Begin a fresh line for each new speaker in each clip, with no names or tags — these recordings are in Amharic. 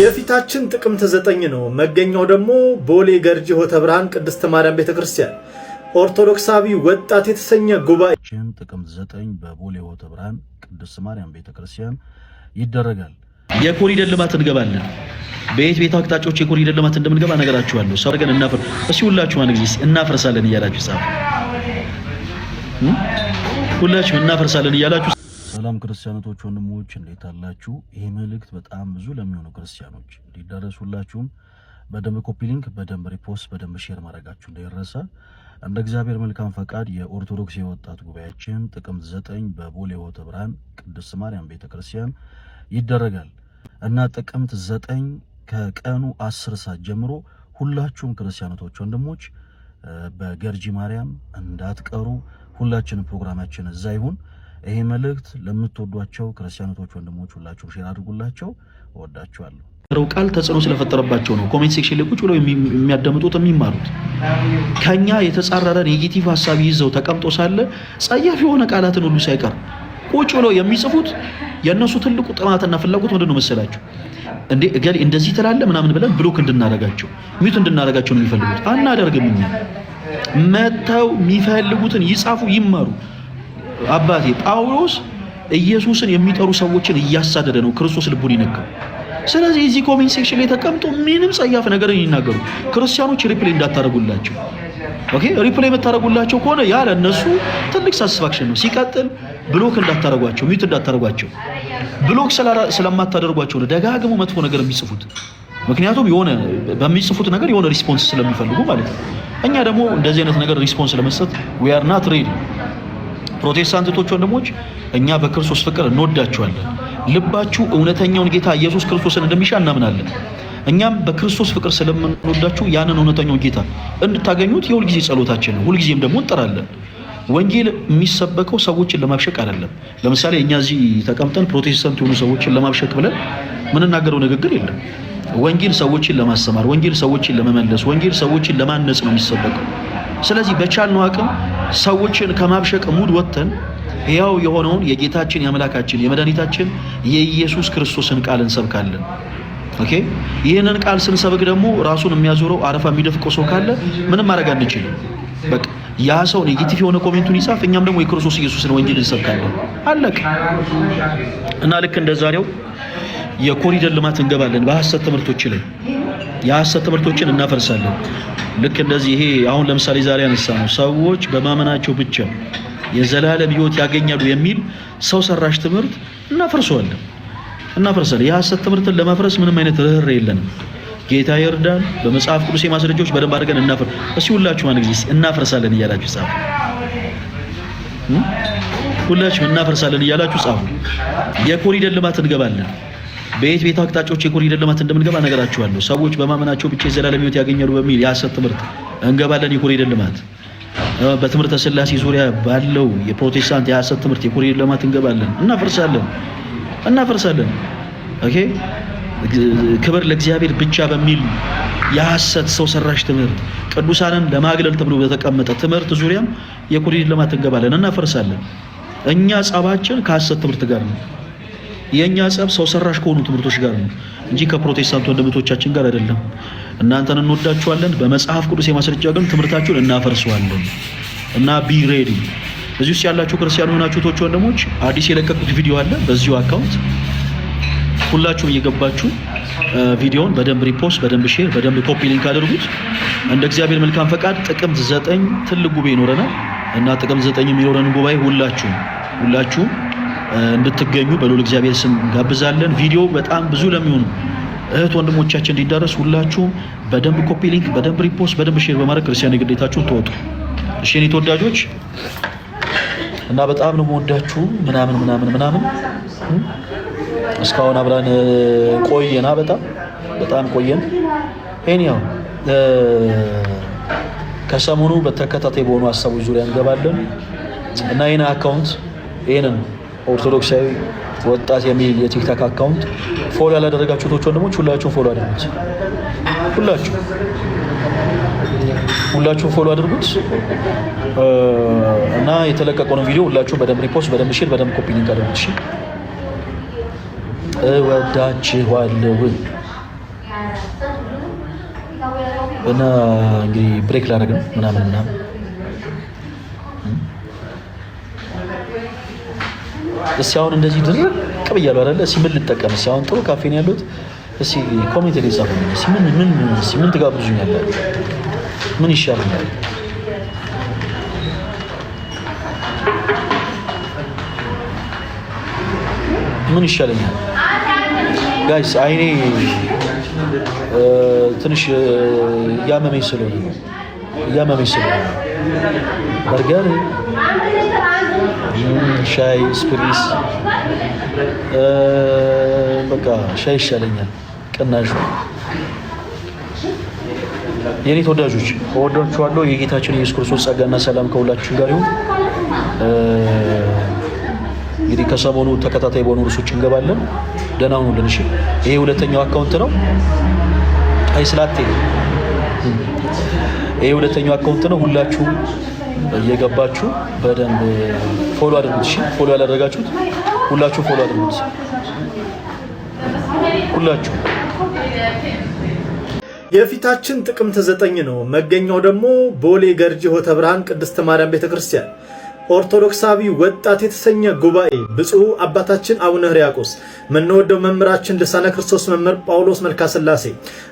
የፊታችን ጥቅምት ዘጠኝ ነው። መገኛው ደግሞ ቦሌ ገርጂ ሆተ ብርሃን ቅድስት ማርያም ቤተክርስቲያን ኦርቶዶክሳዊ ወጣት የተሰኘ ጉባኤችን ጥቅምት ዘጠኝ በቦሌ ሆተ ብርሃን ቅድስት ማርያም ቤተክርስቲያን ይደረጋል። የኮሪደር ልማት እንገባለን። በየት ቤት አቅጣጫዎች የኮሪደር ልማት እንደምንገባ ነገራችኋለሁ። ሰው አድርገን እናፈር እሺ፣ ሁላችሁ አንድ ጊዜ እናፈርሳለን እያላችሁ ሳ ሁላችሁ እናፈርሳለን እያላችሁ ሰላም ክርስቲያኖቶች ወንድሞች እንዴት አላችሁ? ይህ መልእክት በጣም ብዙ ለሚሆኑ ክርስቲያኖች እንዲዳረሱላችሁም በደንብ ኮፒ ሊንክ፣ በደንብ ሪፖስት፣ በደንብ ሼር ማድረጋችሁ እንዳይረሳ። እንደ እግዚአብሔር መልካም ፈቃድ የኦርቶዶክስ የወጣት ጉባኤያችን ጥቅምት ዘጠኝ በቦሌ ሆተ ብርሃን ቅድስት ማርያም ቤተ ክርስቲያን ይደረጋል እና ጥቅምት ዘጠኝ ከቀኑ አስር ሰዓት ጀምሮ ሁላችሁም ክርስቲያኖቶች ወንድሞች በገርጂ ማርያም እንዳትቀሩ። ሁላችንም ፕሮግራማችን እዛ ይሁን። ይሄ መልእክት ለምትወዷቸው ክርስቲያኖች ወንድሞች ሁላችሁም ሼር አድርጉላቸው። እወዳችኋለሁ። ረው ቃል ተጽዕኖ ስለፈጠረባቸው ነው ኮሜንት ሴክሽን ላይ ቁጭ ብለው የሚያዳምጡት የሚማሩት። ከኛ የተጻረረ ኔጌቲቭ ሀሳብ ይዘው ተቀምጦ ሳለ ጸያፍ የሆነ ቃላትን ሁሉ ሳይቀር ቁጭ ብለው የሚጽፉት የእነሱ ትልቁ ጥማትና ፍላጎት ምንድን ነው መሰላቸው? እንዴ እገሌ እንደዚህ ትላለህ ምናምን ብለን ብሎክ እንድናደርጋቸው ሚዩት እንድናደርጋቸው ነው የሚፈልጉት። አናደርግም። እኛ መተው የሚፈልጉትን ይጻፉ፣ ይማሩ። አባቴ ጳውሎስ ኢየሱስን የሚጠሩ ሰዎችን እያሳደደ ነው፣ ክርስቶስ ልቡን ይነካ። ስለዚህ እዚህ ኮሜንት ሴክሽን ላይ ተቀምጦ ምንም ጸያፍ ነገር ይናገሩ። ክርስቲያኖች ሪፕሌይ እንዳታደርጉላቸው። ኦኬ ሪፕሌይ የምታደርጉላቸው ከሆነ ያለ እነሱ ትልቅ ሳስፋክሽን ነው። ሲቀጥል ብሎክ እንዳታደርጓቸው፣ ሚዩት እንዳታደርጓቸው። ብሎክ ስለማታደርጓቸው ነው ደጋግሞ መጥፎ ነገር የሚጽፉት። ምክንያቱም የሆነ በሚጽፉት ነገር የሆነ ሪስፖንስ ስለሚፈልጉ ማለት ነው። እኛ ደግሞ እንደዚህ አይነት ነገር ሪስፖንስ ለመስጠት ዊ አር ናት ሬዲ ፕሮቴስታንቶች ወንድሞች፣ እኛ በክርስቶስ ፍቅር እንወዳችኋለን። ልባችሁ እውነተኛውን ጌታ ኢየሱስ ክርስቶስን እንደሚሻ እናምናለን። እኛም በክርስቶስ ፍቅር ስለምንወዳችሁ ያንን እውነተኛውን ጌታ እንድታገኙት የሁልጊዜ ጸሎታችን ነው። ሁልጊዜም ደግሞ እንጠራለን። ወንጌል የሚሰበከው ሰዎችን ለማብሸቅ አይደለም። ለምሳሌ እኛ እዚህ ተቀምጠን ፕሮቴስታንት የሆኑ ሰዎችን ለማብሸቅ ብለን ምንናገረው ንግግር የለም። ወንጌል ሰዎችን ለማስተማር፣ ወንጌል ሰዎችን ለመመለስ፣ ወንጌል ሰዎችን ለማነጽ ነው የሚሰበከው። ስለዚህ በቻልነው አቅም ሰዎችን ከማብሸቅ ሙድ ወጥተን ሕያው የሆነውን የጌታችን የአምላካችን የመድኃኒታችን የኢየሱስ ክርስቶስን ቃል እንሰብካለን። ኦኬ ይህንን ቃል ስንሰብክ ደግሞ ራሱን የሚያዞረው አረፋ የሚደፍቀው ሰው ካለ ምንም ማድረግ አንችልም። በቃ ያ ሰው ኔጌቲቭ የሆነ ኮሜንቱን ይጻፍ፣ እኛም ደግሞ የክርስቶስ ኢየሱስን ወንጌል እንሰብካለን። አለቅ እና ልክ እንደ ዛሬው የኮሪደር ልማት እንገባለን። በሐሰት ትምህርቶች ላይ የሐሰት ትምህርቶችን እናፈርሳለን። ልክ እንደዚህ ይሄ አሁን ለምሳሌ ዛሬ ያነሳ ነው ሰዎች በማመናቸው ብቻ የዘላለም ህይወት ያገኛሉ የሚል ሰው ሰራሽ ትምህርት እናፈርሰዋለን እናፈርሳለን። የሐሰት ትምህርትን ለማፍረስ ምንም አይነት ርህር የለንም። ጌታ ይርዳን። በመጽሐፍ ቅዱስ የማስረጃዎች በደንብ አድርገን እናፈር እሺ፣ ሁላችሁ አንድ ጊዜ እናፈርሳለን እያላችሁ ጻፉ። ሁላችሁም እናፈርሳለን እያላችሁ ጻፉ። የኮሪደር ልማት እንገባለን። በየት ቤት አቅጣጫዎች የኮሪደር ልማት እንደምንገባ ነገራችኋለሁ። ሰዎች በማመናቸው ብቻ የዘላለም ሕይወት ያገኛሉ በሚል የሐሰት ትምህርት እንገባለን። የኮሪደር ልማት በትምህርተ ስላሴ ዙሪያ ባለው የፕሮቴስታንት የሐሰት ትምህርት የኮሪደር ልማት እንገባለን። እናፈርሳለን እናፈርሳለን። ኦኬ ክብር ለእግዚአብሔር ብቻ በሚል የሐሰት ሰው ሰራሽ ትምህርት ቅዱሳንን ለማግለል ተብሎ በተቀመጠ ትምህርት ዙሪያም የኮሪደር ልማት እንገባለን። እናፈርሳለን። እኛ ጸባችን ከሐሰት ትምህርት ጋር ነው። የእኛ ጸብ ሰው ሰራሽ ከሆኑ ትምህርቶች ጋር ነው እንጂ ከፕሮቴስታንት ወንድሞቻችን ጋር አይደለም። እናንተን እንወዳችኋለን። በመጽሐፍ ቅዱስ የማስረጃ ግን ትምህርታችሁን እናፈርሰዋለን እና ቢ ሬዲ። እዚህ ውስጥ ያላችሁ ክርስቲያን የሆናችሁ ቶች ወንድሞች አዲስ የለቀቁት ቪዲዮ አለ በዚሁ አካውንት ሁላችሁም እየገባችሁ ቪዲዮውን በደንብ ሪፖስት፣ በደንብ ሼር፣ በደንብ ኮፒ ሊንክ አድርጉት። እንደ እግዚአብሔር መልካም ፈቃድ ጥቅምት ዘጠኝ ትልቅ ጉባኤ ይኖረናል እና ጥቅምት ዘጠኝ የሚኖረን ጉባኤ ሁላችሁም ሁላችሁም እንድትገኙ በልዑል እግዚአብሔር ስም ጋብዛለን። ቪዲዮ በጣም ብዙ ለሚሆኑ እህት ወንድሞቻችን እንዲዳረስ ሁላችሁም በደንብ ኮፒ ሊንክ፣ በደንብ ሪፖርት፣ በደንብ ሼር በማድረግ ክርስቲያን ግዴታችሁን ተወጡ። እሺ የኔ ተወዳጆች እና በጣም ነው መወዳችሁ ምናምን ምናምን ምናምን እስካሁን አብራን ቆየና በጣም በጣም ቆየን። ኤኒያው ከሰሞኑ በተከታታይ በሆኑ ሀሳቦች ዙሪያ እንገባለን እና ይህን አካውንት ይህንን ኦርቶዶክሳዊ ወጣት የሚል የቲክታክ አካውንት ፎሎ ያላደረጋችሁት ወንድሞች ሁላችሁም ፎሎ አድርጉት። ሁላችሁ ሁላችሁም ፎሎ አድርጉት እና የተለቀቀውን ቪዲዮ ሁላችሁም በደንብ ሪፖርት፣ በደንብ ሼር፣ በደንብ ኮፒ ሊንክ አድርጉት። እሺ፣ እወዳችኋለሁ እና እንግዲህ ብሬክ ላደረግ ነው ምናምን ምናምን እስኪ አሁን እንደዚህ ድርቅ ብያለሁ አይደለ? እስኪ ምን ልጠቀም? እስኪ አሁን ጥሩ ካፌ ነው ያሉት። እስኪ ኮሜንት ላይ ጻፉ። እስኪ ምን ምን እስኪ ምን ትጋብዙኛል? ምን ይሻለኛል? ምን ይሻለኛል? ጋይስ አይኔ ትንሽ ያመመኝ ስለሆነ yememesi Burger, ሻይ ስፕሪስ በቃ ሻይ ይሻለኛል። ቅናሹ የኔ ተወዳጆች እወዳችኋለሁ። የጌታችን ኢየሱስ ክርስቶስ ጸጋና ሰላም ከሁላችሁ ጋር ይሁን። እንግዲህ ከሰሞኑ ተከታታይ በሆኑ ርዕሶች እንገባለን። ደህና ሁኑልን። እሺ፣ ይሄ ሁለተኛው አካውንት ነው። አይ ስላቴ ይሄ ሁለተኛው አካውንት ነው። ሁላችሁ እየገባችሁ በደንብ ፎሎ አድርጉት። እሺ ፎሎ ያላደረጋችሁት ሁላችሁ ፎሎ አድርጉት። ሁላችሁ የፊታችን ጥቅምት ዘጠኝ ነው። መገኛው ደግሞ ቦሌ ገርጂ ሆተ ብርሃን ቅድስት ማርያም ቤተክርስቲያን ኦርቶዶክሳዊ ወጣት የተሰኘ ጉባኤ ብፁዕ አባታችን አቡነ ሕርያቆስ የምንወደው መምህራችን ልሳነ ክርስቶስ መምህር ጳውሎስ መልካስላሴ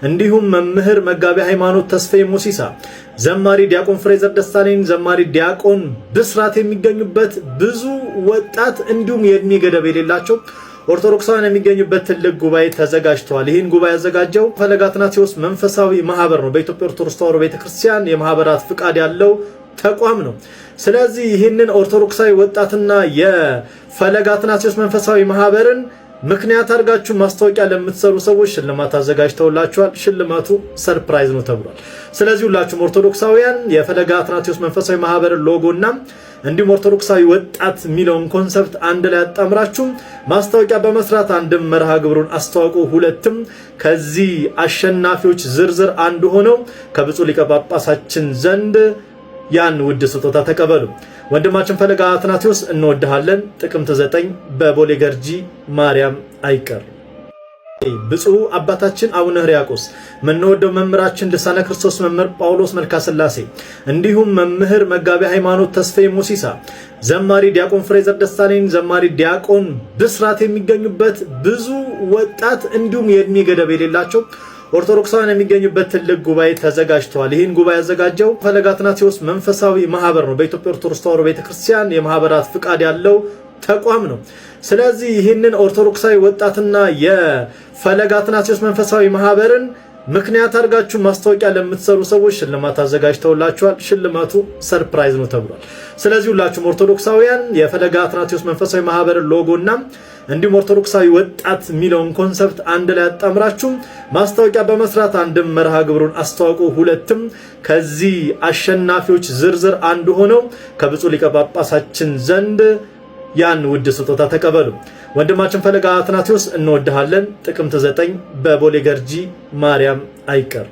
እንዲሁም መምህር መጋቢ ሃይማኖት ተስፋዬ ሞሲሳ ዘማሪ ዲያቆን ፍሬዘር ደሳለኝ ዘማሪ ዲያቆን ብስራት የሚገኙበት ብዙ ወጣት እንዲሁም የእድሜ ገደብ የሌላቸው ኦርቶዶክሳውያን የሚገኙበት ትልቅ ጉባኤ ተዘጋጅተዋል። ይህን ጉባኤ ያዘጋጀው ፈለገ አትናቴዎስ መንፈሳዊ ማህበር ነው። በኢትዮጵያ ኦርቶዶክስ ተዋሕዶ ቤተክርስቲያን የማህበራት ፍቃድ ያለው ተቋም ነው። ስለዚህ ይህንን ኦርቶዶክሳዊ ወጣትና የፈለገ አትናቴዎስ መንፈሳዊ ማህበርን ምክንያት አድርጋችሁ ማስታወቂያ ለምትሰሩ ሰዎች ሽልማት አዘጋጅተውላችኋል። ሽልማቱ ሰርፕራይዝ ነው ተብሏል። ስለዚህ ሁላችሁም ኦርቶዶክሳውያን የፈለገ አትናቴዎስ መንፈሳዊ ማህበርን ሎጎና እንዲሁም ኦርቶዶክሳዊ ወጣት የሚለውን ኮንሰፕት አንድ ላይ አጣምራችሁም ማስታወቂያ በመስራት አንድም መርሃ ግብሩን አስተዋውቁ፣ ሁለትም ከዚህ አሸናፊዎች ዝርዝር አንዱ ሆነው ከብፁዕ ሊቀ ጳጳሳችን ዘንድ ያን ውድ ስጦታ ተቀበሉ። ወንድማችን ፈለጋ አትናቴዎስ እንወድሃለን። ጥቅምት 9 በቦሌ ገርጂ ማርያም አይቀር። ብፁዕ አባታችን አቡነ ሕርያቆስ የምንወደው መምህራችን ልሳነ ክርስቶስ መምህር ጳውሎስ መልካስላሴ እንዲሁም መምህር መጋቢ ሃይማኖት ተስፋዬ ሙሲሳ፣ ዘማሪ ዲያቆን ፍሬዘር ደሳለኝ፣ ዘማሪ ዲያቆን ብስራት የሚገኙበት ብዙ ወጣት እንዲሁም የእድሜ ገደብ የሌላቸው ኦርቶዶክሳውያን የሚገኙበት ትልቅ ጉባኤ ተዘጋጅተዋል። ይህን ጉባኤ ያዘጋጀው ፈለገ አትናቴዎስ መንፈሳዊ ማህበር ነው። በኢትዮጵያ ኦርቶዶክስ ተዋሕዶ ቤተክርስቲያን የማህበራት ፍቃድ ያለው ተቋም ነው። ስለዚህ ይህንን ኦርቶዶክሳዊ ወጣትና የፈለገ አትናቴዎስ መንፈሳዊ ማህበርን ምክንያት አድርጋችሁ ማስታወቂያ ለምትሰሩ ሰዎች ሽልማት አዘጋጅተውላችኋል። ሽልማቱ ሰርፕራይዝ ነው ተብሏል። ስለዚህ ሁላችሁም ኦርቶዶክሳውያን የፈለገ አትናቴዎስ መንፈሳዊ ማህበርን ሎጎና እንዲሁም ኦርቶዶክሳዊ ወጣት የሚለውን ኮንሰፕት አንድ ላይ አጣምራችሁ ማስታወቂያ በመስራት አንድም መርሃ ግብሩን አስተዋውቁ፣ ሁለትም ከዚህ አሸናፊዎች ዝርዝር አንዱ ሆነው ከብፁዕ ሊቀ ጳጳሳችን ዘንድ ያን ውድ ስጦታ ተቀበሉ። ወንድማችን ፈለገ አትናቴዎስ እንወድሃለን። ጥቅምት ዘጠኝ በቦሌ ገርጂ ማርያም አይቀር